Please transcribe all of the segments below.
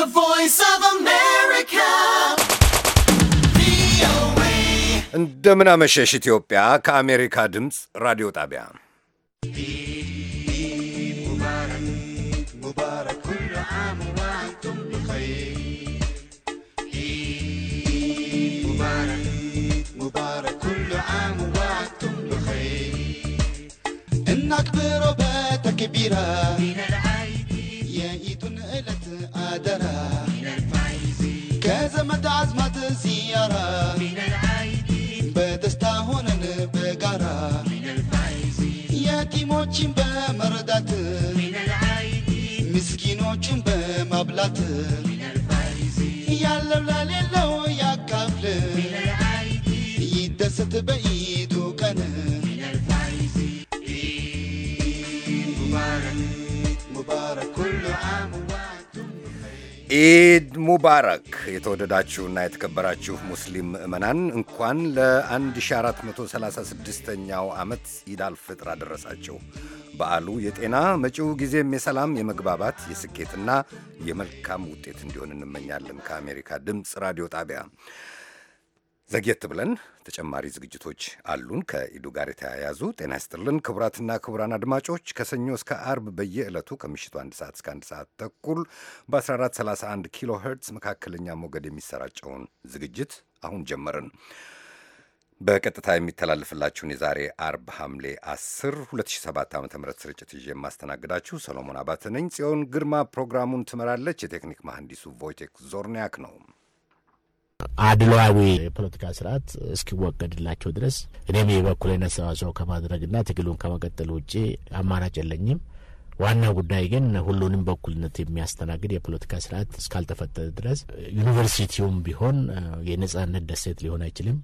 The voice of America. እንደምናመሸሽ ኢትዮጵያ ከአሜሪካ ድምፅ ራዲዮ ጣቢያ نكبر radio كبيرة زيارة من ሆነን በጋራ ያቲሞችን በመርዳት ምስኪኖችን በማብላት ያለው ኢድ ሙባረክ የተወደዳችሁና የተከበራችሁ ሙስሊም ምዕመናን እንኳን ለ1436ኛው ዓመት ኢድ አልፍጥር አደረሳችሁ። በዓሉ የጤና መጪው ጊዜም የሰላም የመግባባት የስኬትና የመልካም ውጤት እንዲሆን እንመኛለን። ከአሜሪካ ድምፅ ራዲዮ ጣቢያ ዘግየት ብለን ተጨማሪ ዝግጅቶች አሉን ከኢዱ ጋር የተያያዙ። ጤና ይስጥልን ክቡራትና ክቡራን አድማጮች ከሰኞ እስከ አርብ በየዕለቱ ከምሽቱ አንድ ሰዓት እስከ አንድ ሰዓት ተኩል በ1431 ኪሎ ሄርትስ መካከለኛ ሞገድ የሚሰራጨውን ዝግጅት አሁን ጀመርን። በቀጥታ የሚተላልፍላችሁን የዛሬ አርብ ሐምሌ 10 2007 ዓ ም ስርጭት ይዤ የማስተናግዳችሁ ሰሎሞን አባተ ነኝ። ጽዮን ግርማ ፕሮግራሙን ትመራለች። የቴክኒክ መሐንዲሱ ቮይቴክ ዞርኒያክ ነው። አድሏዊ የፖለቲካ ስርዓት እስኪወገድላቸው ድረስ እኔም የበኩሌን አስተዋጽኦ ከማድረግና ትግሉን ከመቀጠል ውጭ አማራጭ የለኝም። ዋና ጉዳይ ግን ሁሉንም በኩልነት የሚያስተናግድ የፖለቲካ ስርዓት እስካልተፈጠረ ድረስ ዩኒቨርሲቲውም ቢሆን የነጻነት ደሴት ሊሆን አይችልም።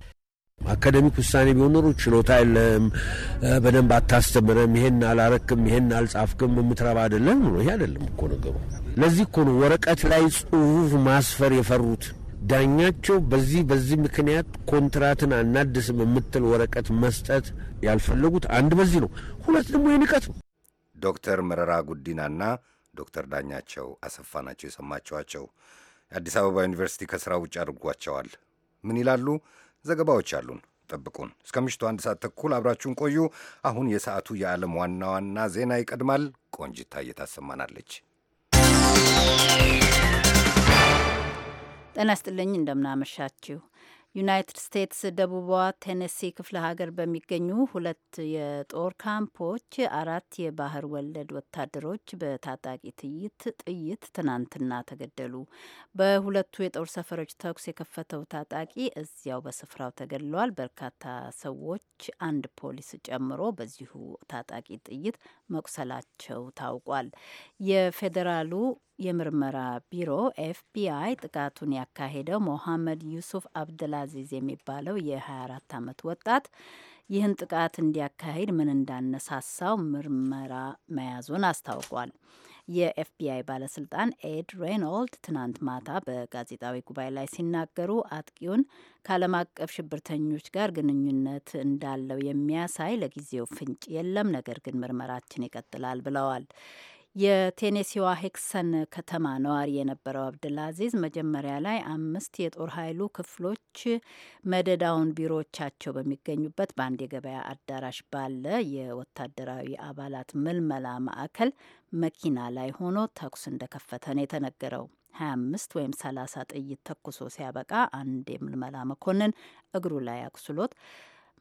አካደሚክ ውሳኔ ቢሆን ኖሮ ችሎታ የለም፣ በደንብ አታስተምረም፣ ይሄን አላረክም፣ ይሄን አልጻፍክም፣ የምትረባ አይደለም። ይሄ አይደለም እኮ ነገሩ። ለዚህ እኮ ነው ወረቀት ላይ ጽሁፍ ማስፈር የፈሩት። ዳኛቸው በዚህ በዚህ ምክንያት ኮንትራትን አናድስም የምትል ወረቀት መስጠት ያልፈለጉት አንድ በዚህ ነው። ሁለት ደግሞ የንቀት ነው። ዶክተር መረራ ጉዲናና ዶክተር ዳኛቸው አሰፋ ናቸው የሰማችኋቸው። የአዲስ አበባ ዩኒቨርሲቲ ከስራ ውጭ አድርጓቸዋል። ምን ይላሉ? ዘገባዎች አሉን። ጠብቁን። እስከ ምሽቱ አንድ ሰዓት ተኩል አብራችሁን ቆዩ። አሁን የሰዓቱ የዓለም ዋና ዋና ዜና ይቀድማል። ቆንጅታ እየታሰማናለች። ጤና ይስጥልኝ። እንደምናመሻችሁ። ዩናይትድ ስቴትስ ደቡቧ ቴኔሲ ክፍለ ሀገር በሚገኙ ሁለት የጦር ካምፖች አራት የባህር ወለድ ወታደሮች በታጣቂ ትይት ጥይት ትናንትና ተገደሉ። በሁለቱ የጦር ሰፈሮች ተኩስ የከፈተው ታጣቂ እዚያው በስፍራው ተገድሏል። በርካታ ሰዎች አንድ ፖሊስ ጨምሮ በዚሁ ታጣቂ ጥይት መቁሰላቸው ታውቋል። የፌዴራሉ የምርመራ ቢሮ ኤፍቢአይ ጥቃቱን ያካሄደው ሞሐመድ ዩሱፍ አብድልአዚዝ የሚባለው የ24 ዓመት ወጣት ይህን ጥቃት እንዲያካሂድ ምን እንዳነሳሳው ምርመራ መያዙን አስታውቋል። የኤፍቢአይ ባለስልጣን ኤድ ሬኖልድ ትናንት ማታ በጋዜጣዊ ጉባኤ ላይ ሲናገሩ አጥቂውን ከዓለም አቀፍ ሽብርተኞች ጋር ግንኙነት እንዳለው የሚያሳይ ለጊዜው ፍንጭ የለም፣ ነገር ግን ምርመራችን ይቀጥላል ብለዋል። የቴኔሲዋ ሄክሰን ከተማ ነዋሪ የነበረው አብድል አዚዝ መጀመሪያ ላይ አምስት የጦር ኃይሉ ክፍሎች መደዳውን ቢሮዎቻቸው በሚገኙበት በአንድ የገበያ አዳራሽ ባለ የወታደራዊ አባላት ምልመላ ማዕከል መኪና ላይ ሆኖ ተኩስ እንደከፈተ ነው የተነገረው። 25 ወይም 30 ጥይት ተኩሶ ሲያበቃ አንድ የምልመላ መኮንን እግሩ ላይ አቁስሎት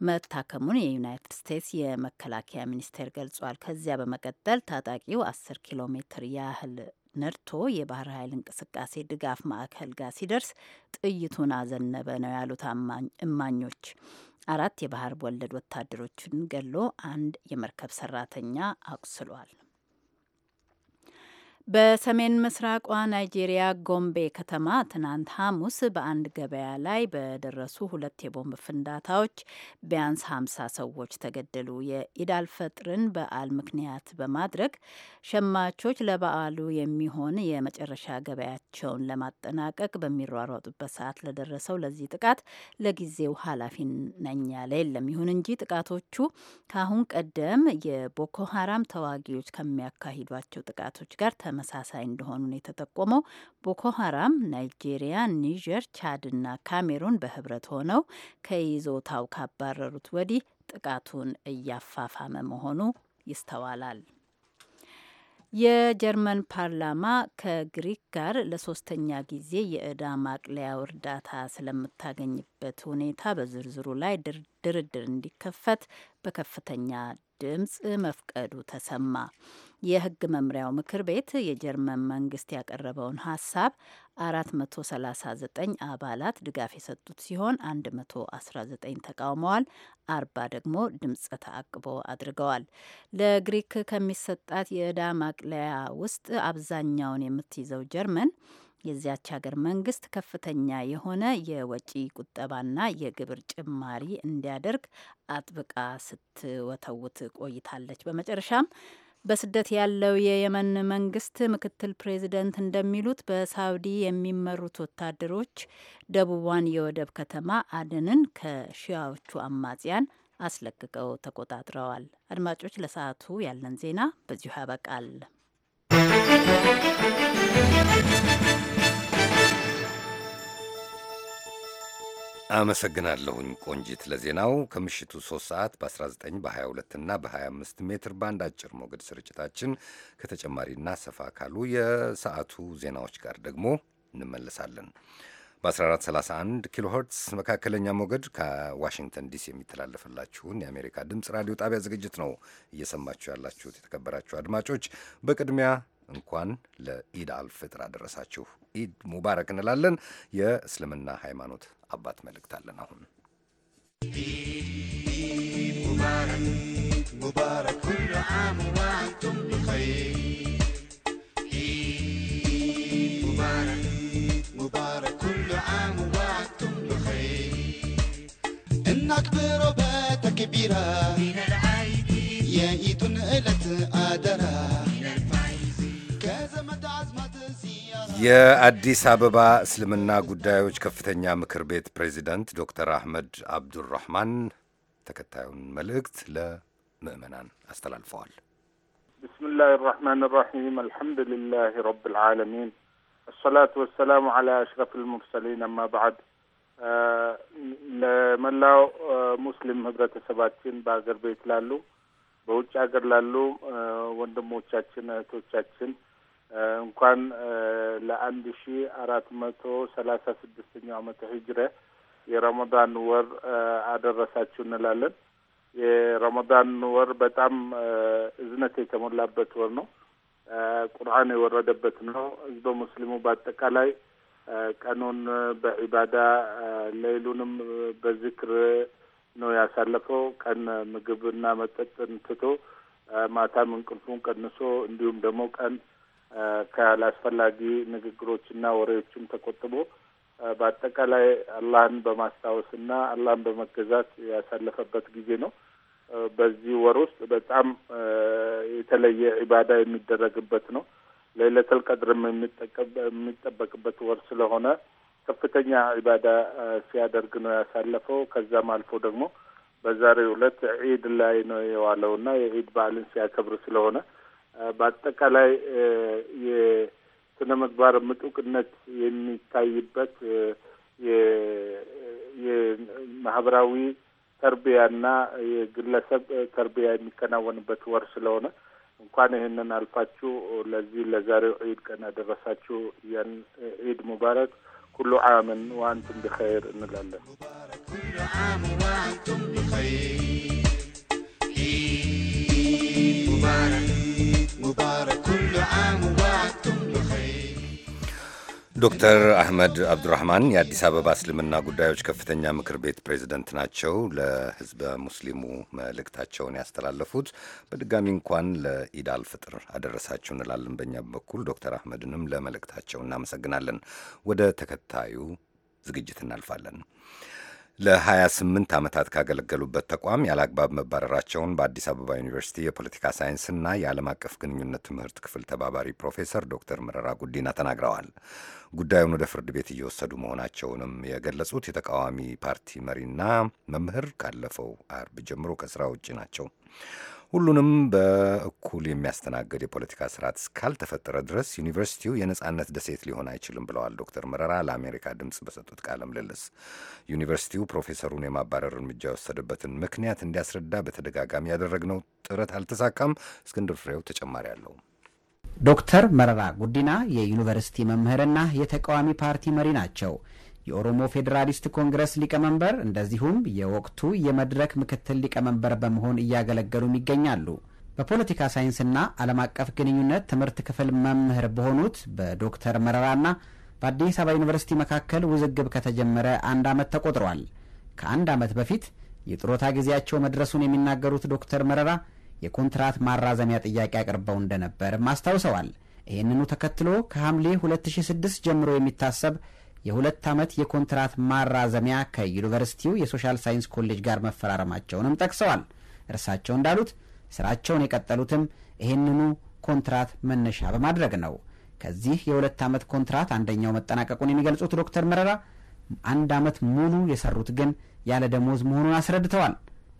መታከሙን የዩናይትድ ስቴትስ የመከላከያ ሚኒስቴር ገልጿል። ከዚያ በመቀጠል ታጣቂው 10 ኪሎ ሜትር ያህል ነድቶ የባህር ኃይል እንቅስቃሴ ድጋፍ ማዕከል ጋር ሲደርስ ጥይቱን አዘነበ ነው ያሉት እማኞች። አራት የባህር ወለድ ወታደሮችን ገሎ አንድ የመርከብ ሰራተኛ አቁስሏል። በሰሜን ምስራቋ ናይጄሪያ ጎምቤ ከተማ ትናንት ሐሙስ በአንድ ገበያ ላይ በደረሱ ሁለት የቦምብ ፍንዳታዎች ቢያንስ ሀምሳ ሰዎች ተገደሉ። የኢዳል ፈጥርን በዓል ምክንያት በማድረግ ሸማቾች ለበዓሉ የሚሆን የመጨረሻ ገበያቸውን ለማጠናቀቅ በሚሯሯጡበት ሰዓት ለደረሰው ለዚህ ጥቃት ለጊዜው ኃላፊ ነኝ ያለ የለም። ይሁን እንጂ ጥቃቶቹ ከአሁን ቀደም የቦኮ ሀራም ተዋጊዎች ከሚያካሂዷቸው ጥቃቶች ጋር ተመሳሳይ እንደሆኑ ነው የተጠቆመው። ቦኮ ሀራም ናይጄሪያ፣ ኒጀር፣ ቻድና ካሜሩን በህብረት ሆነው ከይዞታው ካባረሩት ወዲህ ጥቃቱን እያፋፋመ መሆኑ ይስተዋላል። የጀርመን ፓርላማ ከግሪክ ጋር ለሶስተኛ ጊዜ የእዳ ማቅለያው እርዳታ ስለምታገኝበት ሁኔታ በዝርዝሩ ላይ ድርድር እንዲከፈት በከፍተኛ ድምፅ መፍቀዱ ተሰማ። የህግ መምሪያው ምክር ቤት የጀርመን መንግስት ያቀረበውን ሀሳብ 439 አባላት ድጋፍ የሰጡት ሲሆን 119 ተቃውመዋል፣ አርባ ደግሞ ድምፀ ተአቅቦ አድርገዋል። ለግሪክ ከሚሰጣት የዕዳ ማቅለያ ውስጥ አብዛኛውን የምትይዘው ጀርመን የዚያች ሀገር መንግስት ከፍተኛ የሆነ የወጪ ቁጠባና የግብር ጭማሪ እንዲያደርግ አጥብቃ ስትወተውት ቆይታለች። በመጨረሻም በስደት ያለው የየመን መንግስት ምክትል ፕሬዚደንት እንደሚሉት በሳውዲ የሚመሩት ወታደሮች ደቡቧን የወደብ ከተማ አደንን ከሺያዎቹ አማጽያን አስለቅቀው ተቆጣጥረዋል። አድማጮች፣ ለሰዓቱ ያለን ዜና በዚሁ ያበቃል። አመሰግናለሁኝ ቆንጂት ለዜናው። ከምሽቱ 3 ሰዓት በ19 በ22 እና በ25 ሜትር ባንድ አጭር ሞገድ ስርጭታችን ከተጨማሪና ሰፋ ካሉ የሰዓቱ ዜናዎች ጋር ደግሞ እንመለሳለን። በ1431 ኪሎ ሄርትስ መካከለኛ ሞገድ ከዋሽንግተን ዲሲ የሚተላለፍላችሁን የአሜሪካ ድምፅ ራዲዮ ጣቢያ ዝግጅት ነው እየሰማችሁ ያላችሁት የተከበራችሁ አድማጮች። በቅድሚያ እንኳን ለኢድ አልፍጥር አደረሳችሁ። ኢድ ሙባረክ እንላለን። የእስልምና ሃይማኖት አባት መልእክት አለን። አሁን ሙባረክ ኩሉ ዓም ወአንቱም ብኸይር مبارك كل عام وأنتم بخير إنك بربا تكبيرا من العيد يا إيد إلت آدرا የአዲስ አበባ እስልምና ጉዳዮች ከፍተኛ ምክር ቤት ፕሬዚደንት ዶክተር አህመድ አብዱራህማን ተከታዩን መልእክት ለምዕመናን አስተላልፈዋል። ብስሚላህ ራሕማን ራሒም አልሐምዱሊላህ ልዓለሚን አሰላቱ ወሰላሙ ዓላ አሽረፍ ልሙርሰሊን አማ ባዕድ። ለመላው ሙስሊም ህብረተሰባችን በሀገር ቤት ላሉ በውጭ ሀገር ላሉ ወንድሞቻችን እህቶቻችን እንኳን ለአንድ ሺ አራት መቶ ሰላሳ ስድስተኛው ዓመተ ህጅረ የረመዳን ወር አደረሳችሁ እንላለን። የረመዳን ወር በጣም እዝነት የተሞላበት ወር ነው። ቁርአን የወረደበት ነው። ህዝበ ሙስሊሙ በአጠቃላይ ቀኑን በዒባዳ ሌሉንም በዝክር ነው ያሳለፈው። ቀን ምግብና መጠጥን ትቶ ማታም እንቅልፉን ቀንሶ እንዲሁም ደግሞ ቀን ካላስፈላጊ ንግግሮችና ወሬዎችም ተቆጥቦ በአጠቃላይ አላህን በማስታወስና አላህን በመገዛት ያሳለፈበት ጊዜ ነው። በዚህ ወር ውስጥ በጣም የተለየ ኢባዳ የሚደረግበት ነው። ለይለተል ቀድርም የሚጠበቅበት ወር ስለሆነ ከፍተኛ ኢባዳ ሲያደርግ ነው ያሳለፈው። ከዛም አልፎ ደግሞ በዛሬው ዕለት ዒድ ላይ ነው የዋለውና የዒድ በዓልን ሲያከብር ስለሆነ በአጠቃላይ የስነ ምግባር ምጡቅነት የሚታይበት የማህበራዊ ተርቢያና የግለሰብ ተርቢያ የሚከናወንበት ወር ስለሆነ እንኳን ይህንን አልፋችሁ ለዚህ ለዛሬው ዒድ ቀን ያደረሳችሁ። ያን ዒድ ሙባረክ ኩሉ ዓምን ዋንቱም ብኸይር እንላለን። ሙባረክ ዶክተር አህመድ አብዱራህማን የአዲስ አበባ እስልምና ጉዳዮች ከፍተኛ ምክር ቤት ፕሬዝደንት ናቸው። ለህዝበ ሙስሊሙ መልእክታቸውን ያስተላለፉት። በድጋሚ እንኳን ለኢድ አልፍጥር አደረሳችሁ እንላለን በእኛ በኩል። ዶክተር አህመድንም ለመልእክታቸው እናመሰግናለን። ወደ ተከታዩ ዝግጅት እናልፋለን። ለ28 ዓመታት ካገለገሉበት ተቋም ያለአግባብ መባረራቸውን በአዲስ አበባ ዩኒቨርሲቲ የፖለቲካ ሳይንስና የዓለም አቀፍ ግንኙነት ትምህርት ክፍል ተባባሪ ፕሮፌሰር ዶክተር መረራ ጉዲና ተናግረዋል። ጉዳዩን ወደ ፍርድ ቤት እየወሰዱ መሆናቸውንም የገለጹት የተቃዋሚ ፓርቲ መሪና መምህር ካለፈው አርብ ጀምሮ ከስራ ውጭ ናቸው። ሁሉንም በእኩል የሚያስተናግድ የፖለቲካ ስርዓት እስካልተፈጠረ ድረስ ዩኒቨርሲቲው የነጻነት ደሴት ሊሆን አይችልም ብለዋል ዶክተር መረራ ለአሜሪካ ድምፅ በሰጡት ቃለ ምልልስ። ዩኒቨርሲቲው ፕሮፌሰሩን የማባረር እርምጃ የወሰደበትን ምክንያት እንዲያስረዳ በተደጋጋሚ ያደረግነው ጥረት አልተሳካም። እስክንድር ፍሬው ተጨማሪ አለው። ዶክተር መረራ ጉዲና የዩኒቨርሲቲ መምህርና የተቃዋሚ ፓርቲ መሪ ናቸው። የኦሮሞ ፌዴራሊስት ኮንግረስ ሊቀመንበር እንደዚሁም የወቅቱ የመድረክ ምክትል ሊቀመንበር በመሆን እያገለገሉም ይገኛሉ። በፖለቲካ ሳይንስና ዓለም አቀፍ ግንኙነት ትምህርት ክፍል መምህር በሆኑት በዶክተር መረራና በአዲስ አበባ ዩኒቨርሲቲ መካከል ውዝግብ ከተጀመረ አንድ ዓመት ተቆጥሯል። ከአንድ ዓመት በፊት የጥሮታ ጊዜያቸው መድረሱን የሚናገሩት ዶክተር መረራ የኮንትራት ማራዘሚያ ጥያቄ አቅርበው እንደነበርም አስታውሰዋል። ይህንኑ ተከትሎ ከሐምሌ 2006 ጀምሮ የሚታሰብ የሁለት ዓመት የኮንትራት ማራዘሚያ ከዩኒቨርሲቲው የሶሻል ሳይንስ ኮሌጅ ጋር መፈራረማቸውንም ጠቅሰዋል። እርሳቸው እንዳሉት ስራቸውን የቀጠሉትም ይህንኑ ኮንትራት መነሻ በማድረግ ነው። ከዚህ የሁለት ዓመት ኮንትራት አንደኛው መጠናቀቁን የሚገልጹት ዶክተር መረራ አንድ ዓመት ሙሉ የሰሩት ግን ያለ ደሞዝ መሆኑን አስረድተዋል።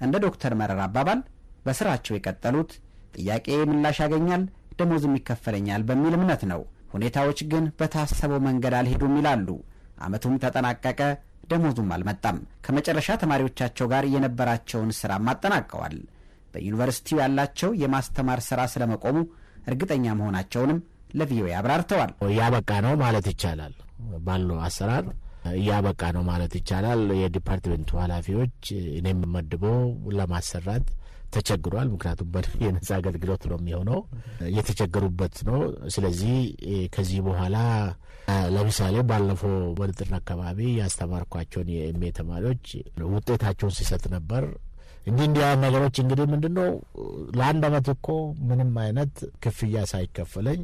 እንደ ዶክተር መረራ አባባል በስራቸው የቀጠሉት ጥያቄ ምላሽ ያገኛል፣ ደሞዝም ይከፈለኛል በሚል እምነት ነው። ሁኔታዎች ግን በታሰበው መንገድ አልሄዱም ይላሉ። ዓመቱም ተጠናቀቀ፣ ደሞዙም አልመጣም። ከመጨረሻ ተማሪዎቻቸው ጋር የነበራቸውን ስራም አጠናቀዋል። በዩኒቨርሲቲው ያላቸው የማስተማር ስራ ስለመቆሙ እርግጠኛ መሆናቸውንም ለቪኦኤ አብራርተዋል። እያበቃ ነው ማለት ይቻላል። ባለው አሰራር እያበቃ ነው ማለት ይቻላል። የዲፓርትመንቱ ኃላፊዎች እኔም መድቦ ለማሰራት ተቸግሯል። ምክንያቱም የነጻ አገልግሎት ነው የሚሆነው የተቸገሩበት ነው። ስለዚህ ከዚህ በኋላ ለምሳሌ ባለፈው በንጥር አካባቢ ያስተማርኳቸውን የኤምኤ ተማሪዎች ውጤታቸውን ሲሰጥ ነበር። እንዲህ እንዲያ ነገሮች እንግዲህ ምንድን ነው ለአንድ አመት እኮ ምንም አይነት ክፍያ ሳይከፈለኝ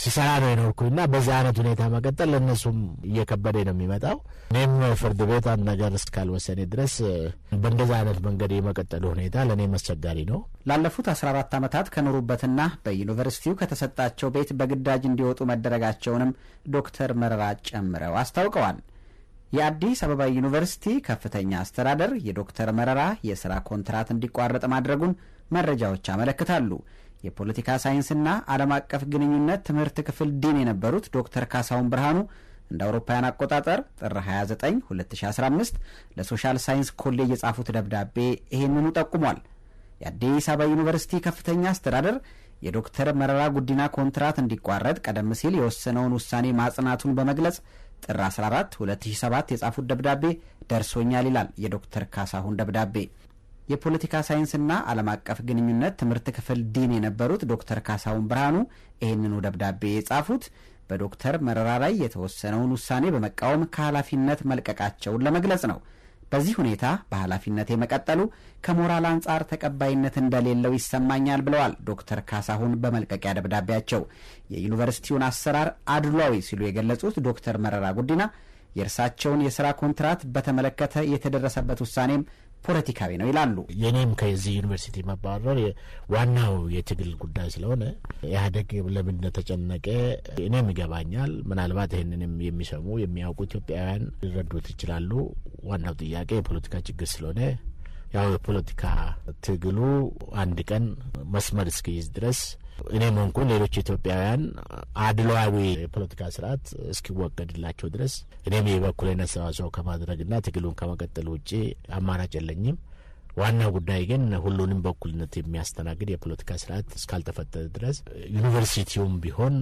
ሲሰራ ነው የኖርኩኝና በዚህ አይነት ሁኔታ መቀጠል ለእነሱም እየከበደ ነው የሚመጣው። እኔም ፍርድ ቤት አንድ ነገር እስካልወሰኔ ድረስ በእንደዚህ አይነት መንገድ የመቀጠሉ ሁኔታ ለእኔ አስቸጋሪ ነው። ላለፉት 14 ዓመታት ከኖሩበትና በዩኒቨርሲቲው ከተሰጣቸው ቤት በግዳጅ እንዲወጡ መደረጋቸውንም ዶክተር መረራ ጨምረው አስታውቀዋል። የአዲስ አበባ ዩኒቨርሲቲ ከፍተኛ አስተዳደር የዶክተር መረራ የስራ ኮንትራት እንዲቋረጥ ማድረጉን መረጃዎች ያመለክታሉ። የፖለቲካ ሳይንስና ዓለም አቀፍ ግንኙነት ትምህርት ክፍል ዲን የነበሩት ዶክተር ካሳሁን ብርሃኑ እንደ አውሮፓውያን አቆጣጠር ጥር 29 2015 ለሶሻል ሳይንስ ኮሌጅ የጻፉት ደብዳቤ ይህንኑ ጠቁሟል። የአዲስ አበባ ዩኒቨርሲቲ ከፍተኛ አስተዳደር የዶክተር መረራ ጉዲና ኮንትራት እንዲቋረጥ ቀደም ሲል የወሰነውን ውሳኔ ማጽናቱን በመግለጽ ጥር 14 2007 የጻፉት ደብዳቤ ደርሶኛል ይላል የዶክተር ካሳሁን ደብዳቤ። የፖለቲካ ሳይንስና ዓለም አቀፍ ግንኙነት ትምህርት ክፍል ዲን የነበሩት ዶክተር ካሳሁን ብርሃኑ ይህንኑ ደብዳቤ የጻፉት በዶክተር መረራ ላይ የተወሰነውን ውሳኔ በመቃወም ከኃላፊነት መልቀቃቸውን ለመግለጽ ነው። በዚህ ሁኔታ በኃላፊነት የመቀጠሉ ከሞራል አንጻር ተቀባይነት እንደሌለው ይሰማኛል ብለዋል ዶክተር ካሳሁን በመልቀቂያ ደብዳቤያቸው። የዩኒቨርሲቲውን አሰራር አድሏዊ ሲሉ የገለጹት ዶክተር መረራ ጉዲና የእርሳቸውን የሥራ ኮንትራት በተመለከተ የተደረሰበት ውሳኔም ፖለቲካዊ ነው ይላሉ። የኔም ከዚህ ዩኒቨርሲቲ መባረር ዋናው የትግል ጉዳይ ስለሆነ ኢህአዴግ ለምን እንደተጨነቀ እኔም ይገባኛል። ምናልባት ይህንንም የሚሰሙ የሚያውቁ ኢትዮጵያውያን ሊረዱት ይችላሉ። ዋናው ጥያቄ የፖለቲካ ችግር ስለሆነ ያው የፖለቲካ ትግሉ አንድ ቀን መስመር እስኪይዝ ድረስ እኔም ሆንኩ ሌሎች ኢትዮጵያውያን አድሏዊ የፖለቲካ ስርዓት እስኪወገድላቸው ድረስ እኔም የበኩሌን አስተዋጽኦ ከማድረግና ትግሉን ከመቀጠል ውጭ አማራጭ የለኝም። ዋናው ጉዳይ ግን ሁሉንም በእኩልነት የሚያስተናግድ የፖለቲካ ስርዓት እስካልተፈጠረ ድረስ ዩኒቨርሲቲውም ቢሆን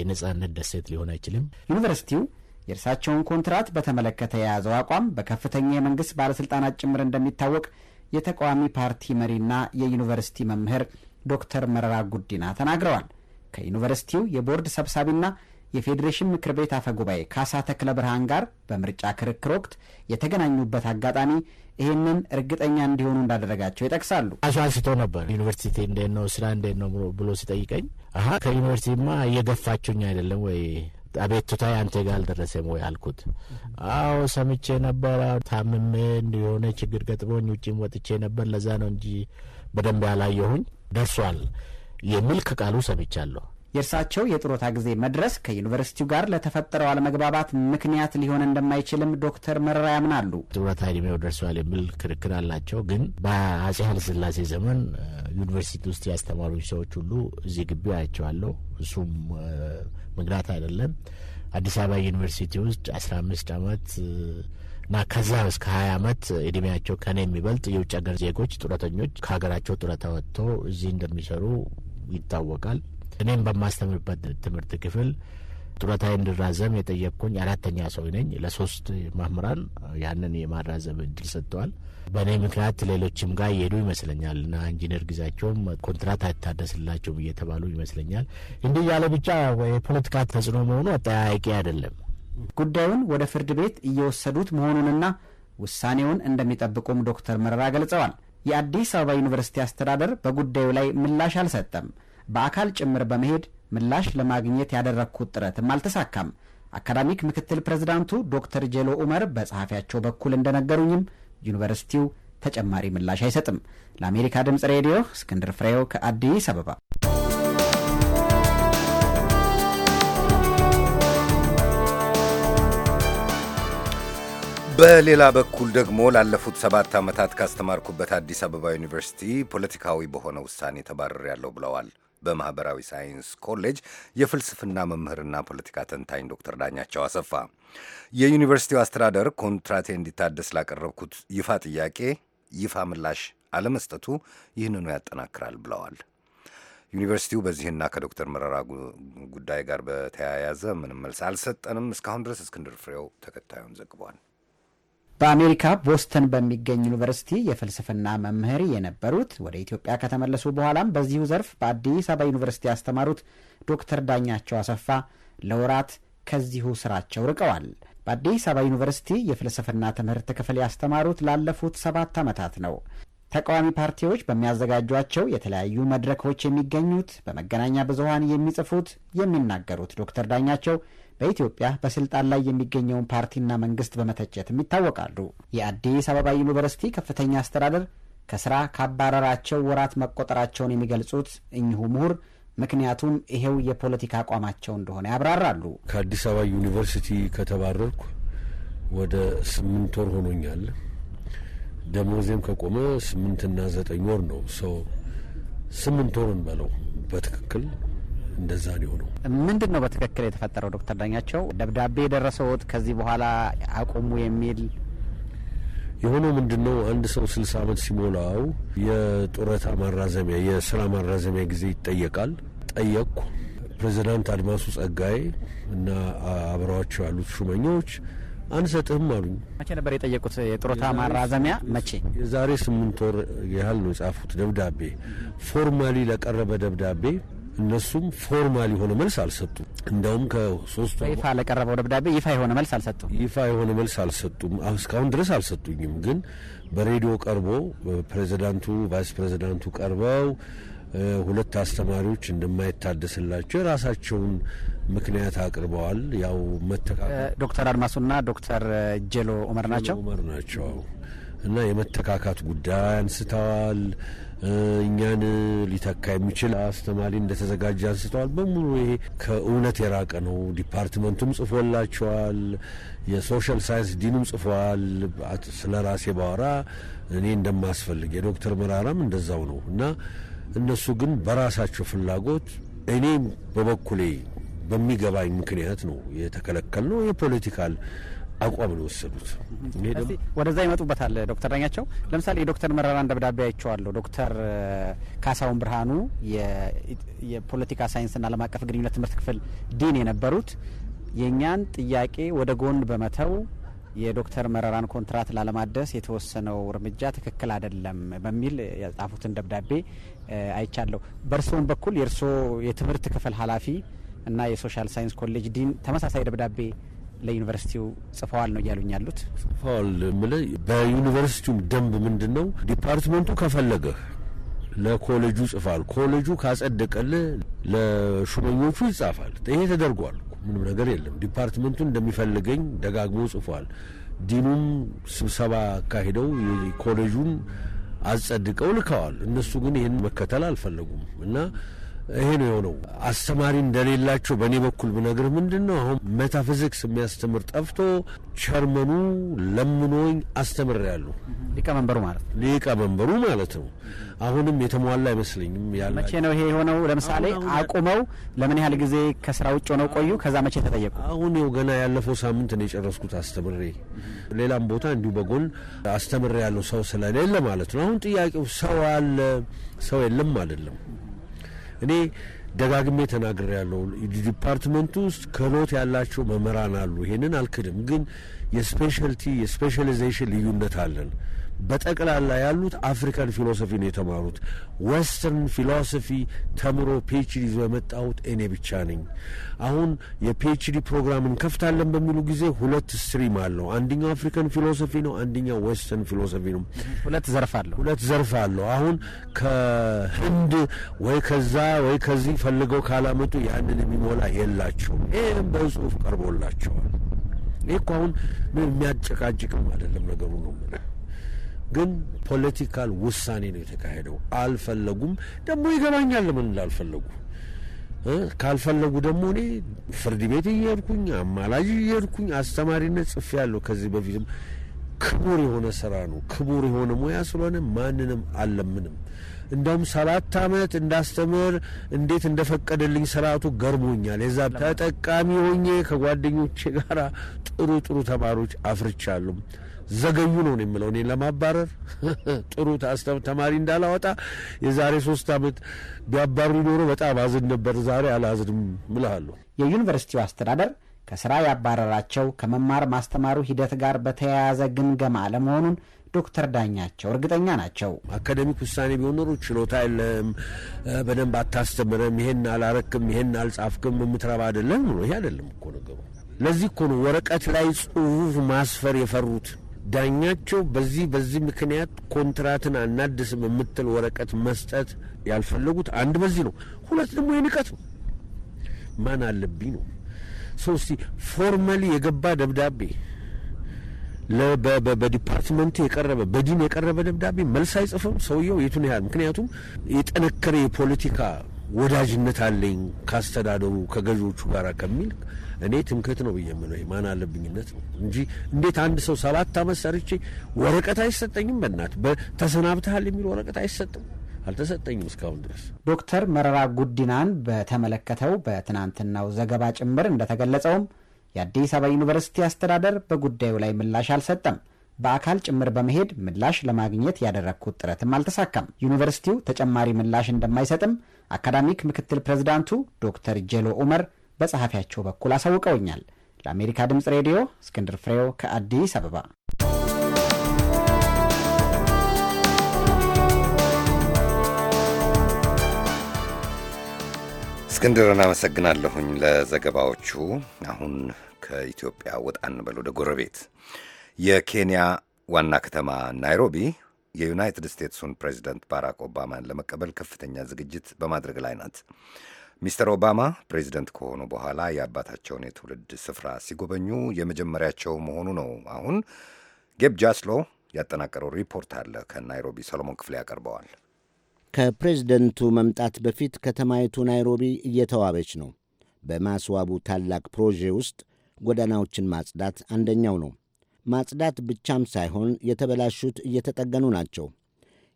የነጻነት ደሴት ሊሆን አይችልም። ዩኒቨርሲቲው የእርሳቸውን ኮንትራት በተመለከተ የያዘው አቋም በከፍተኛ የመንግስት ባለስልጣናት ጭምር እንደሚታወቅ የተቃዋሚ ፓርቲ መሪና የዩኒቨርሲቲ መምህር ዶክተር መረራ ጉዲና ተናግረዋል። ከዩኒቨርሲቲው የቦርድ ሰብሳቢና የፌዴሬሽን ምክር ቤት አፈ ጉባኤ ካሳ ተክለ ብርሃን ጋር በምርጫ ክርክር ወቅት የተገናኙበት አጋጣሚ ይህንን እርግጠኛ እንዲሆኑ እንዳደረጋቸው ይጠቅሳሉ። አንስቶ ነበር። ዩኒቨርሲቲ እንዴት ነው ስራ እንዴት ነው ብሎ ሲጠይቀኝ አሀ ከዩኒቨርሲቲማ እየገፋችሁኝ አይደለም ወይ አቤቱታ አንተ ጋር አልደረሰም ወይ አልኩት። አዎ ሰምቼ ነበር፣ ታምሜ የሆነ ችግር ገጥሞኝ ውጭም ወጥቼ ነበር። ለዛ ነው እንጂ በደንብ ያላየሁኝ ደርሷል የሚል ከቃሉ ሰምቻለሁ። የእርሳቸው የጡረታ ጊዜ መድረስ ከዩኒቨርሲቲው ጋር ለተፈጠረው አለመግባባት ምክንያት ሊሆን እንደማይችልም ዶክተር መረራ ያምናሉ። ጡረታ እድሜው ደርሰዋል የሚል ክርክር አላቸው። ግን በአጼ ኃይለሥላሴ ዘመን ዩኒቨርሲቲ ውስጥ ያስተማሩ ሰዎች ሁሉ እዚህ ግቢ አያቸዋለሁ። እሱም ምክንያት አይደለም። አዲስ አበባ ዩኒቨርሲቲ ውስጥ አስራ አምስት አመት እና ከዛ እስከ ሀያ አመት እድሜያቸው ከኔ የሚበልጥ የውጭ ሀገር ዜጎች ጡረተኞች ከሀገራቸው ጡረታ ወጥቶ እዚህ እንደሚሰሩ ይታወቃል። እኔም በማስተምርበት ትምህርት ክፍል ጡረታ እንድራዘም የጠየቅኩኝ አራተኛ ሰው ነኝ። ለሶስት መምህራን ያንን የማራዘም እድል ሰጥተዋል። በእኔ ምክንያት ሌሎችም ጋር እየሄዱ ይመስለኛል እና ኢንጂነር ጊዜያቸውም ኮንትራት አይታደስላቸውም እየተባሉ ይመስለኛል። እንዲህ ያለ ብቻ የፖለቲካ ተጽዕኖ መሆኑ አጠያያቂ አይደለም። ጉዳዩን ወደ ፍርድ ቤት እየወሰዱት መሆኑንና ውሳኔውን እንደሚጠብቁም ዶክተር መረራ ገልጸዋል። የአዲስ አበባ ዩኒቨርሲቲ አስተዳደር በጉዳዩ ላይ ምላሽ አልሰጠም። በአካል ጭምር በመሄድ ምላሽ ለማግኘት ያደረግኩት ጥረትም አልተሳካም። አካዳሚክ ምክትል ፕሬዝዳንቱ ዶክተር ጄሎ ኡመር በጸሐፊያቸው በኩል እንደነገሩኝም ዩኒቨርሲቲው ተጨማሪ ምላሽ አይሰጥም። ለአሜሪካ ድምፅ ሬዲዮ እስክንድር ፍሬው ከአዲስ አበባ በሌላ በኩል ደግሞ ላለፉት ሰባት ዓመታት ካስተማርኩበት አዲስ አበባ ዩኒቨርሲቲ ፖለቲካዊ በሆነ ውሳኔ ያለው ብለዋል በማህበራዊ ሳይንስ ኮሌጅ የፍልስፍና መምህርና ፖለቲካ ተንታኝ ዶክተር ዳኛቸው አሰፋ። የዩኒቨርሲቲው አስተዳደር ኮንትራቴ እንዲታደስ ላቀረብኩት ይፋ ጥያቄ ይፋ ምላሽ አለመስጠቱ ይህንኑ ያጠናክራል ብለዋል። ዩኒቨርሲቲው በዚህና ከዶክተር መረራ ጉዳይ ጋር በተያያዘ ምንም መልስ አልሰጠንም። እስካሁን ድረስ እስክንድር ፍሬው ተከታዩን ዘግቧል። በአሜሪካ ቦስተን በሚገኝ ዩኒቨርሲቲ የፍልስፍና መምህር የነበሩት ወደ ኢትዮጵያ ከተመለሱ በኋላም በዚሁ ዘርፍ በአዲስ አበባ ዩኒቨርሲቲ ያስተማሩት ዶክተር ዳኛቸው አሰፋ ለወራት ከዚሁ ስራቸው ርቀዋል። በአዲስ አበባ ዩኒቨርሲቲ የፍልስፍና ትምህርት ክፍል ያስተማሩት ላለፉት ሰባት ዓመታት ነው። ተቃዋሚ ፓርቲዎች በሚያዘጋጇቸው የተለያዩ መድረኮች የሚገኙት፣ በመገናኛ ብዙሃን የሚጽፉት፣ የሚናገሩት ዶክተር ዳኛቸው በኢትዮጵያ በስልጣን ላይ የሚገኘውን ፓርቲና መንግስት በመተቸትም ይታወቃሉ። የአዲስ አበባ ዩኒቨርሲቲ ከፍተኛ አስተዳደር ከስራ ካባረራቸው ወራት መቆጠራቸውን የሚገልጹት እኚሁ ምሁር ምክንያቱም ይሄው የፖለቲካ አቋማቸው እንደሆነ ያብራራሉ። ከአዲስ አበባ ዩኒቨርሲቲ ከተባረርኩ ወደ ስምንት ወር ሆኖኛል። ደሞዜም ከቆመ ስምንትና ዘጠኝ ወር ነው። ሰው ስምንት ወር እንበለው በትክክል እንደዛ ነው ምንድን ነው በትክክል የተፈጠረው? ዶክተር ዳኛቸው ደብዳቤ የደረሰውት ከዚህ በኋላ አቁሙ የሚል የሆነው ምንድን ነው? አንድ ሰው ስልሳ ዓመት ሲሞላው የጡረታ ማራዘሚያ የስራ ማራዘሚያ ጊዜ ይጠየቃል። ጠየቅኩ። ፕሬዚዳንት አድማሱ ጸጋዬ እና አብረዋቸው ያሉት ሹመኞች አንሰጥህም አሉኝ። መቼ ነበር የጠየቁት? የጡረታ ማራዘሚያ መቼ? የዛሬ ስምንት ወር ያህል ነው የጻፉት ደብዳቤ ፎርማሊ ለቀረበ ደብዳቤ እነሱም ፎርማል የሆነ መልስ አልሰጡም። እንደውም ከሶስቱ ይፋ ለቀረበው ደብዳቤ ይፋ የሆነ መልስ አልሰጡም። ይፋ የሆነ መልስ አልሰጡም። እስካሁን ድረስ አልሰጡኝም። ግን በሬዲዮ ቀርቦ ፕሬዚዳንቱ፣ ቫይስ ፕሬዚዳንቱ ቀርበው ሁለት አስተማሪዎች እንደማይታደስላቸው የራሳቸውን ምክንያት አቅርበዋል። ያው መተካካት ዶክተር አድማሱና ዶክተር ጀሎ ኦመር ናቸው ኦመር ናቸው እና የመተካካት ጉዳይ አንስተዋል። እኛን ሊተካ የሚችል አስተማሪ እንደተዘጋጀ አንስተዋል። በሙሉ ይሄ ከእውነት የራቀ ነው። ዲፓርትመንቱም ጽፎላቸዋል። የሶሻል ሳይንስ ዲንም ጽፈዋል። ስለ ራሴ ባወራ እኔ እንደማስፈልግ የዶክተር መራራም እንደዛው ነው እና እነሱ ግን በራሳቸው ፍላጎት እኔም በበኩሌ በሚገባኝ ምክንያት ነው የተከለከል ነው የፖለቲካል አቋም ነው ወሰዱት። ወደዛ ይመጡበታል ዶክተር ዳኛቸው። ለምሳሌ የዶክተር መረራን ደብዳቤ አይቼዋለሁ። ዶክተር ካሳሁን ብርሃኑ የፖለቲካ ሳይንስና ዓለም አቀፍ ግንኙነት ትምህርት ክፍል ዲን የነበሩት የእኛን ጥያቄ ወደ ጎን በመተው የዶክተር መረራን ኮንትራት ላለማደስ የተወሰነው እርምጃ ትክክል አይደለም በሚል ያጻፉትን ደብዳቤ አይቻለሁ። በእርስዎም በኩል የእርስዎ የትምህርት ክፍል ኃላፊ እና የሶሻል ሳይንስ ኮሌጅ ዲን ተመሳሳይ ደብዳቤ ለዩኒቨርሲቲው ጽፈዋል ነው እያሉኝ ያሉት? ጽፈዋል የምልህ በዩኒቨርሲቲውም ደንብ ምንድን ነው ዲፓርትመንቱ ከፈለገህ ለኮሌጁ ጽፋል፣ ኮሌጁ ካጸደቀልህ ለሹመኞቹ ይጻፋል። ይሄ ተደርጓል። ምንም ነገር የለም። ዲፓርትመንቱ እንደሚፈልገኝ ደጋግሞ ጽፏል። ዲኑም ስብሰባ አካሂደው ኮሌጁን አጸድቀው ልከዋል። እነሱ ግን ይህን መከተል አልፈለጉም እና ይሄ ነው የሆነው። አስተማሪ እንደሌላቸው በእኔ በኩል ብነግር ምንድን ነው አሁን ሜታፊዚክስ የሚያስተምር ጠፍቶ ቸርመኑ ለምኖኝ አስተምር ያሉ ሊቀመንበሩ ማለት ነው ሊቀመንበሩ ማለት ነው። አሁንም የተሟላ አይመስለኝም። ያለ መቼ ነው ይሄ የሆነው? ለምሳሌ አቁመው ለምን ያህል ጊዜ ከስራ ውጭ ሆነው ቆዩ? ከዛ መቼ ተጠየቁ? አሁን ው ገና ያለፈው ሳምንት ነው የጨረስኩት አስተምሬ። ሌላም ቦታ እንዲሁ በጎን አስተምሬ ያለው ሰው ስለሌለ ማለት ነው። አሁን ጥያቄው ሰው አለ ሰው የለም አይደለም እኔ ደጋግሜ ተናግሬ ያለው ዲፓርትመንቱ ውስጥ ክህሎት ያላቸው መምህራን አሉ። ይሄንን አልክድም። ግን የስፔሻልቲ የስፔሻሊዜሽን ልዩነት አለን። በጠቅላላ ያሉት አፍሪካን ፊሎሶፊ ነው የተማሩት። ዌስተርን ፊሎሶፊ ተምሮ ፒኤችዲ ይዞ የመጣሁት እኔ ብቻ ነኝ። አሁን የፒኤችዲ ፕሮግራም እንከፍታለን በሚሉ ጊዜ ሁለት ስትሪም አለው። አንድኛው አፍሪካን ፊሎሶፊ ነው፣ አንድኛው ዌስተርን ፊሎሶፊ ነው። ሁለት ዘርፍ አለው። ሁለት ዘርፍ አለው። አሁን ከህንድ ወይ ከዛ ወይ ከዚህ ፈልገው ካላመጡ ያንን የሚሞላ የላቸውም። ይህም በጽሁፍ ቀርቦላቸዋል። ይህ እኮ አሁን ምን የሚያጨቃጭቅም አይደለም ነገሩ ነው። ግን ፖለቲካል ውሳኔ ነው የተካሄደው። አልፈለጉም ደግሞ ይገባኛል ለምን እንዳልፈለጉ። ካልፈለጉ ደግሞ እኔ ፍርድ ቤት እየሄድኩኝ አማላጅ እየሄድኩኝ አስተማሪነት ጽፌ ያለሁ ከዚህ በፊትም ክቡር የሆነ ስራ ነው፣ ክቡር የሆነ ሙያ ስለሆነ ማንንም አለምንም። እንደውም ሰባት አመት እንዳስተምር እንዴት እንደፈቀደልኝ ስርዓቱ ገርሞኛል። የዛ ተጠቃሚ ሆኜ ከጓደኞቼ ጋር ጥሩ ጥሩ ተማሪዎች አፍርቻለሁ። ዘገዩ ነው የምለው እኔ ለማባረር ጥሩ ተማሪ እንዳላወጣ የዛሬ ሶስት ዓመት ቢያባሩ ኖሮ በጣም አዝን ነበር። ዛሬ አላዝንም ምልሃሉ። የዩኒቨርሲቲው አስተዳደር ከስራ ያባረራቸው ከመማር ማስተማሩ ሂደት ጋር በተያያዘ ግምገማ አለመሆኑን ዶክተር ዳኛቸው እርግጠኛ ናቸው። አካደሚክ ውሳኔ ቢሆን ኖሮ ችሎታ የለም፣ በደንብ አታስተምረም፣ ይሄን አላረክም፣ ይሄን አልጻፍክም፣ የምትረባ አይደለም። ይሄ አደለም እኮ ነገሩ። ለዚህ እኮ ነው ወረቀት ላይ ጽሁፍ ማስፈር የፈሩት። ዳኛቸው በዚህ በዚህ ምክንያት ኮንትራትን አናድስም የምትል ወረቀት መስጠት ያልፈለጉት አንድ በዚህ ነው። ሁለት ደግሞ የንቀት ነው። ማን አለብኝ ነው። ሶስቲ ፎርማሊ የገባ ደብዳቤ በዲፓርትመንቱ የቀረበ በዲን የቀረበ ደብዳቤ መልስ አይጽፍም ሰውየው የቱን ያህል ምክንያቱም የጠነከረ የፖለቲካ ወዳጅነት አለኝ ካስተዳደሩ ከገዢዎቹ ጋር ከሚል እኔ ትምክህት ነው ብዬ የምለው ማን አለብኝነት ነው እንጂ እንዴት አንድ ሰው ሰባት አመት ሰርቼ ወረቀት አይሰጠኝም? በእናት ተሰናብተሃል የሚል ወረቀት አይሰጥም። አልተሰጠኝም እስካሁን ድረስ። ዶክተር መረራ ጉዲናን በተመለከተው በትናንትናው ዘገባ ጭምር እንደተገለጸውም የአዲስ አበባ ዩኒቨርሲቲ አስተዳደር በጉዳዩ ላይ ምላሽ አልሰጠም። በአካል ጭምር በመሄድ ምላሽ ለማግኘት ያደረግኩት ጥረትም አልተሳካም። ዩኒቨርሲቲው ተጨማሪ ምላሽ እንደማይሰጥም አካዳሚክ ምክትል ፕሬዝዳንቱ ዶክተር ጀሎ ኡመር በጸሐፊያቸው በኩል አሳውቀውኛል። ለአሜሪካ ድምፅ ሬዲዮ እስክንድር ፍሬው ከአዲስ አበባ። እስክንድር እናመሰግናለሁኝ ለዘገባዎቹ። አሁን ከኢትዮጵያ ወጣ እንበል ወደ ጎረቤት የኬንያ ዋና ከተማ ናይሮቢ የዩናይትድ ስቴትሱን ፕሬዚደንት ባራክ ኦባማን ለመቀበል ከፍተኛ ዝግጅት በማድረግ ላይ ናት። ሚስተር ኦባማ ፕሬዚደንት ከሆኑ በኋላ የአባታቸውን የትውልድ ስፍራ ሲጎበኙ የመጀመሪያቸው መሆኑ ነው። አሁን ጌብ ጃስሎ ያጠናቀረው ሪፖርት አለ ከናይሮቢ ሰሎሞን ክፍሌ ያቀርበዋል። ከፕሬዝደንቱ መምጣት በፊት ከተማይቱ ናይሮቢ እየተዋበች ነው። በማስዋቡ ታላቅ ፕሮጄ ውስጥ ጎዳናዎችን ማጽዳት አንደኛው ነው። ማጽዳት ብቻም ሳይሆን የተበላሹት እየተጠገኑ ናቸው።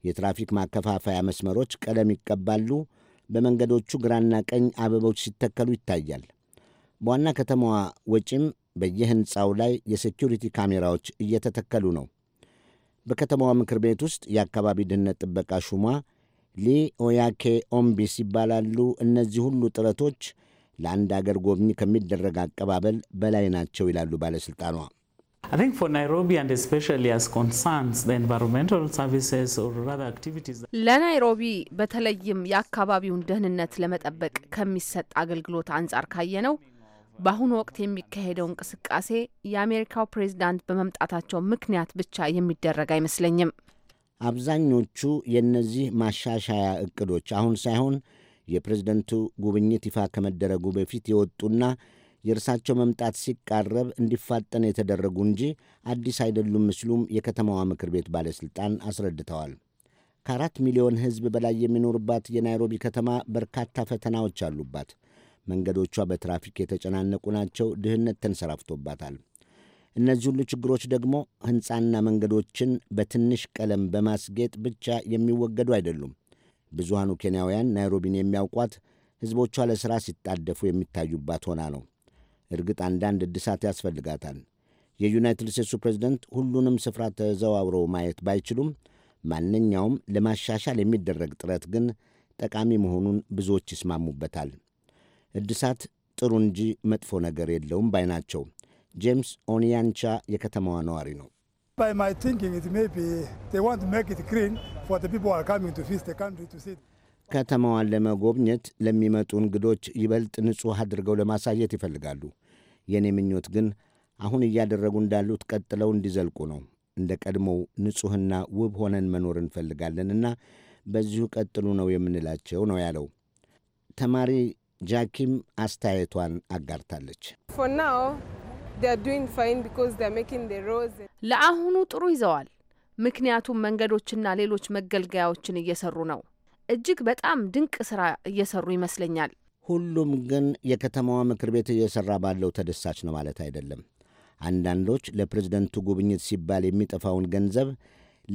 የትራፊክ ማከፋፈያ መስመሮች ቀለም ይቀባሉ። በመንገዶቹ ግራና ቀኝ አበቦች ሲተከሉ ይታያል። በዋና ከተማዋ ወጪም በየሕንፃው ላይ የሴኪሪቲ ካሜራዎች እየተተከሉ ነው። በከተማዋ ምክር ቤት ውስጥ የአካባቢ ድህነት ጥበቃ ሹሟ ሊኦያኬ ኦምቢስ ይባላሉ። እነዚህ ሁሉ ጥረቶች ለአንድ አገር ጎብኚ ከሚደረግ አቀባበል በላይ ናቸው ይላሉ ባለሥልጣኗ። I think for Nairobi and especially as concerns the environmental services or rather activities ለናይሮቢ በተለይም የአካባቢውን ደህንነት ለመጠበቅ ከሚሰጥ አገልግሎት አንጻር ካየ ነው በአሁኑ ወቅት የሚካሄደው እንቅስቃሴ የአሜሪካው ፕሬዝዳንት በመምጣታቸው ምክንያት ብቻ የሚደረግ አይመስለኝም። አብዛኞቹ የእነዚህ ማሻሻያ እቅዶች አሁን ሳይሆን የፕሬዝደንቱ ጉብኝት ይፋ ከመደረጉ በፊት የወጡና የእርሳቸው መምጣት ሲቃረብ እንዲፋጠን የተደረጉ እንጂ አዲስ አይደሉም ሲሉም የከተማዋ ምክር ቤት ባለሥልጣን አስረድተዋል። ከአራት ሚሊዮን ሕዝብ በላይ የሚኖርባት የናይሮቢ ከተማ በርካታ ፈተናዎች አሉባት። መንገዶቿ በትራፊክ የተጨናነቁ ናቸው። ድህነት ተንሰራፍቶባታል። እነዚህ ሁሉ ችግሮች ደግሞ ሕንፃና መንገዶችን በትንሽ ቀለም በማስጌጥ ብቻ የሚወገዱ አይደሉም። ብዙሃኑ ኬንያውያን ናይሮቢን የሚያውቋት ሕዝቦቿ ለሥራ ሲጣደፉ የሚታዩባት ሆና ነው። እርግጥ አንዳንድ እድሳት ያስፈልጋታል። የዩናይትድ ስቴትሱ ፕሬዝደንት ሁሉንም ስፍራ ተዘዋውረው ማየት ባይችሉም ማንኛውም ለማሻሻል የሚደረግ ጥረት ግን ጠቃሚ መሆኑን ብዙዎች ይስማሙበታል። እድሳት ጥሩ እንጂ መጥፎ ነገር የለውም ባይ ናቸው። ጄምስ ኦኒያንቻ የከተማዋ ነዋሪ ነው። ባይ ማይ ቲንኪንግ ኢት ሜይ ቢ ዋንት ሜክ ኢት ግሪን ፎር ዘ ፒፕል አር ካሚንግ ቱ ቪዚት ዘ ካንትሪ ቱ ሲ ኢት ከተማዋን ለመጎብኘት ለሚመጡ እንግዶች ይበልጥ ንጹሕ አድርገው ለማሳየት ይፈልጋሉ። የእኔ ምኞት ግን አሁን እያደረጉ እንዳሉት ቀጥለው እንዲዘልቁ ነው። እንደ ቀድሞው ንጹሕና ውብ ሆነን መኖር እንፈልጋለንና በዚሁ ቀጥሉ ነው የምንላቸው ነው ያለው። ተማሪ ጃኪም አስተያየቷን አጋርታለች። ለአሁኑ ጥሩ ይዘዋል፣ ምክንያቱም መንገዶችና ሌሎች መገልገያዎችን እየሰሩ ነው። እጅግ በጣም ድንቅ ስራ እየሰሩ ይመስለኛል። ሁሉም ግን የከተማዋ ምክር ቤት እየሰራ ባለው ተደሳች ነው ማለት አይደለም። አንዳንዶች ለፕሬዝደንቱ ጉብኝት ሲባል የሚጠፋውን ገንዘብ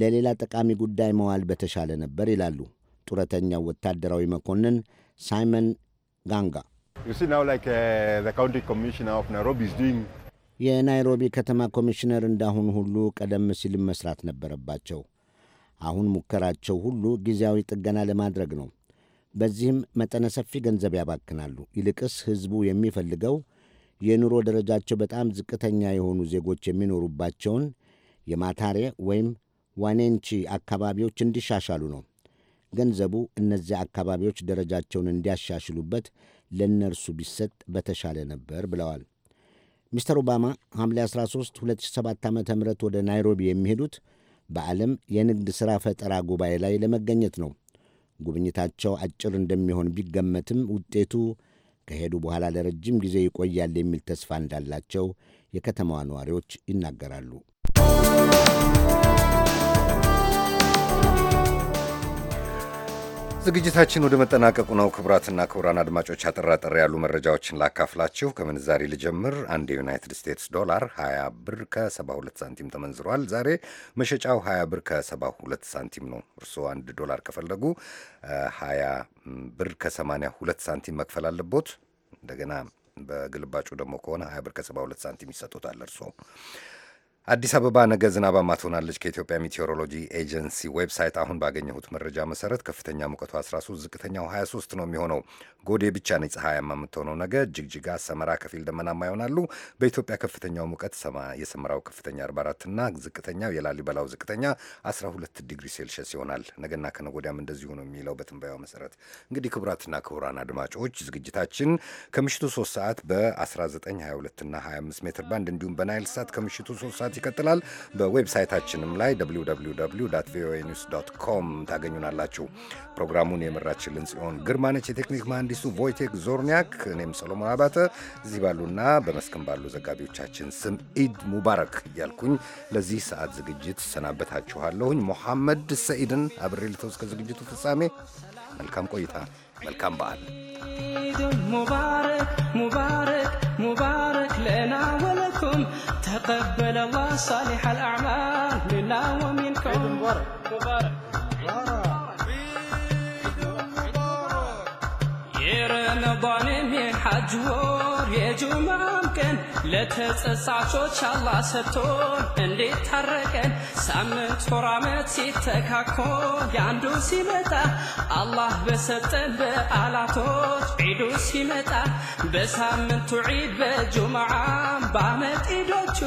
ለሌላ ጠቃሚ ጉዳይ መዋል በተሻለ ነበር ይላሉ። ጡረተኛው ወታደራዊ መኮንን ሳይመን ጋንጋ uh, የናይሮቢ ከተማ ኮሚሽነር እንዳሁን ሁሉ ቀደም ሲልም መስራት ነበረባቸው። አሁን ሙከራቸው ሁሉ ጊዜያዊ ጥገና ለማድረግ ነው። በዚህም መጠነ ሰፊ ገንዘብ ያባክናሉ። ይልቅስ ሕዝቡ የሚፈልገው የኑሮ ደረጃቸው በጣም ዝቅተኛ የሆኑ ዜጎች የሚኖሩባቸውን የማታሬ ወይም ዋኔንቺ አካባቢዎች እንዲሻሻሉ ነው። ገንዘቡ እነዚያ አካባቢዎች ደረጃቸውን እንዲያሻሽሉበት ለእነርሱ ቢሰጥ በተሻለ ነበር ብለዋል። ሚስተር ኦባማ ሐምሌ 13 2007 ዓ ም ወደ ናይሮቢ የሚሄዱት በዓለም የንግድ ሥራ ፈጠራ ጉባኤ ላይ ለመገኘት ነው። ጉብኝታቸው አጭር እንደሚሆን ቢገመትም ውጤቱ ከሄዱ በኋላ ለረጅም ጊዜ ይቆያል የሚል ተስፋ እንዳላቸው የከተማዋ ነዋሪዎች ይናገራሉ። ዝግጅታችን ወደ መጠናቀቁ ነው። ክቡራትና ክቡራን አድማጮች አጠራጠር ያሉ መረጃዎችን ላካፍላችሁ። ከምንዛሬ ልጀምር። አንድ የዩናይትድ ስቴትስ ዶላር 20 ብር ከ72 ሳንቲም ተመንዝሯል። ዛሬ መሸጫው 20 ብር ከ72 ሳንቲም ነው። እርስዎ አንድ ዶላር ከፈለጉ 20 ብር ከ82 ሳንቲም መክፈል አለቦት። እንደገና በግልባጩ ደግሞ ከሆነ 20 ብር ከ72 ሳንቲም ይሰጡታል እርስዎ አዲስ አበባ ነገ ዝናባማ ትሆናለች። ከኢትዮጵያ ሜቴዎሮሎጂ ኤጀንሲ ዌብሳይት አሁን ባገኘሁት መረጃ መሰረት ከፍተኛ ሙቀቱ 13፣ ዝቅተኛው 23 ነው የሚሆነው። ጎዴ ብቻ ነው ፀሐያማ የምትሆነው። ነገ ጅግጅጋ፣ ሰመራ ከፊል ደመናማ ይሆናሉ። በኢትዮጵያ ከፍተኛው ሙቀት የሰመራው ከፍተኛ 44 እና ዝቅተኛው የላሊበላው ዝቅተኛ 12 ዲግሪ ሴልሽስ ይሆናል። ነገና ከነጎዲያም እንደዚሁ ነው የሚለው በትንበያው መሰረት። እንግዲህ ክቡራትና ክቡራን አድማጮች ዝግጅታችን ከምሽቱ 3 ሰዓት በ1922 እና 25 ሜትር ባንድ እንዲሁም በናይል ሳት ከምሽቱ 3 ሰዓት ዝግጅት ይቀጥላል። በዌብሳይታችንም ላይ www ቪኦኤ ኒውስ ዶት ኮም ታገኙናላችሁ። ፕሮግራሙን የመራችልን ጽዮን ግርማነች፣ የቴክኒክ መሐንዲሱ ቮይቴክ ዞርኒያክ፣ እኔም ሰሎሞን አባተ እዚህ ባሉና በመስክም ባሉ ዘጋቢዎቻችን ስም ኢድ ሙባረክ እያልኩኝ ለዚህ ሰዓት ዝግጅት ሰናበታችኋለሁኝ። ሞሐመድ ሰኢድን አብሬ ልተው እስከ ዝግጅቱ ፍጻሜ መልካም ቆይታ፣ መልካም በዓል። ሙባረክ ሙባረክ ሙባረክ ለና ወለኩም تقبل الله صالح الأعمال لنا ومنكم عيد مبارك مبارك يا رمضان من حجوه የጁማም ቀን ለተጸጻቾች አላህ ሰጥቶን እንዴት ታረቀን ሳምንት ሶር አመት ሲተካኮ የአንዱ ሲመጣ አላህ በሰጠን በዓላቶች ዒዱ ሲመጣ በሳምንቱ ዒድ በጁማዓም በአመት ዒዶቹ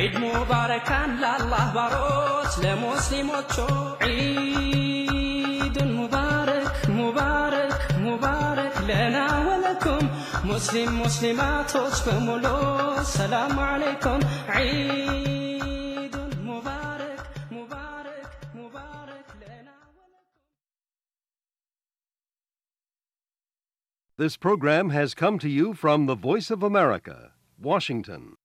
ዒድ ሙባረካን ላላህ ባሮች ለሙስሊሞቹ ዒድ مسلم مسلمات السلام عليكم عيد This program has come to you from the Voice of America, Washington.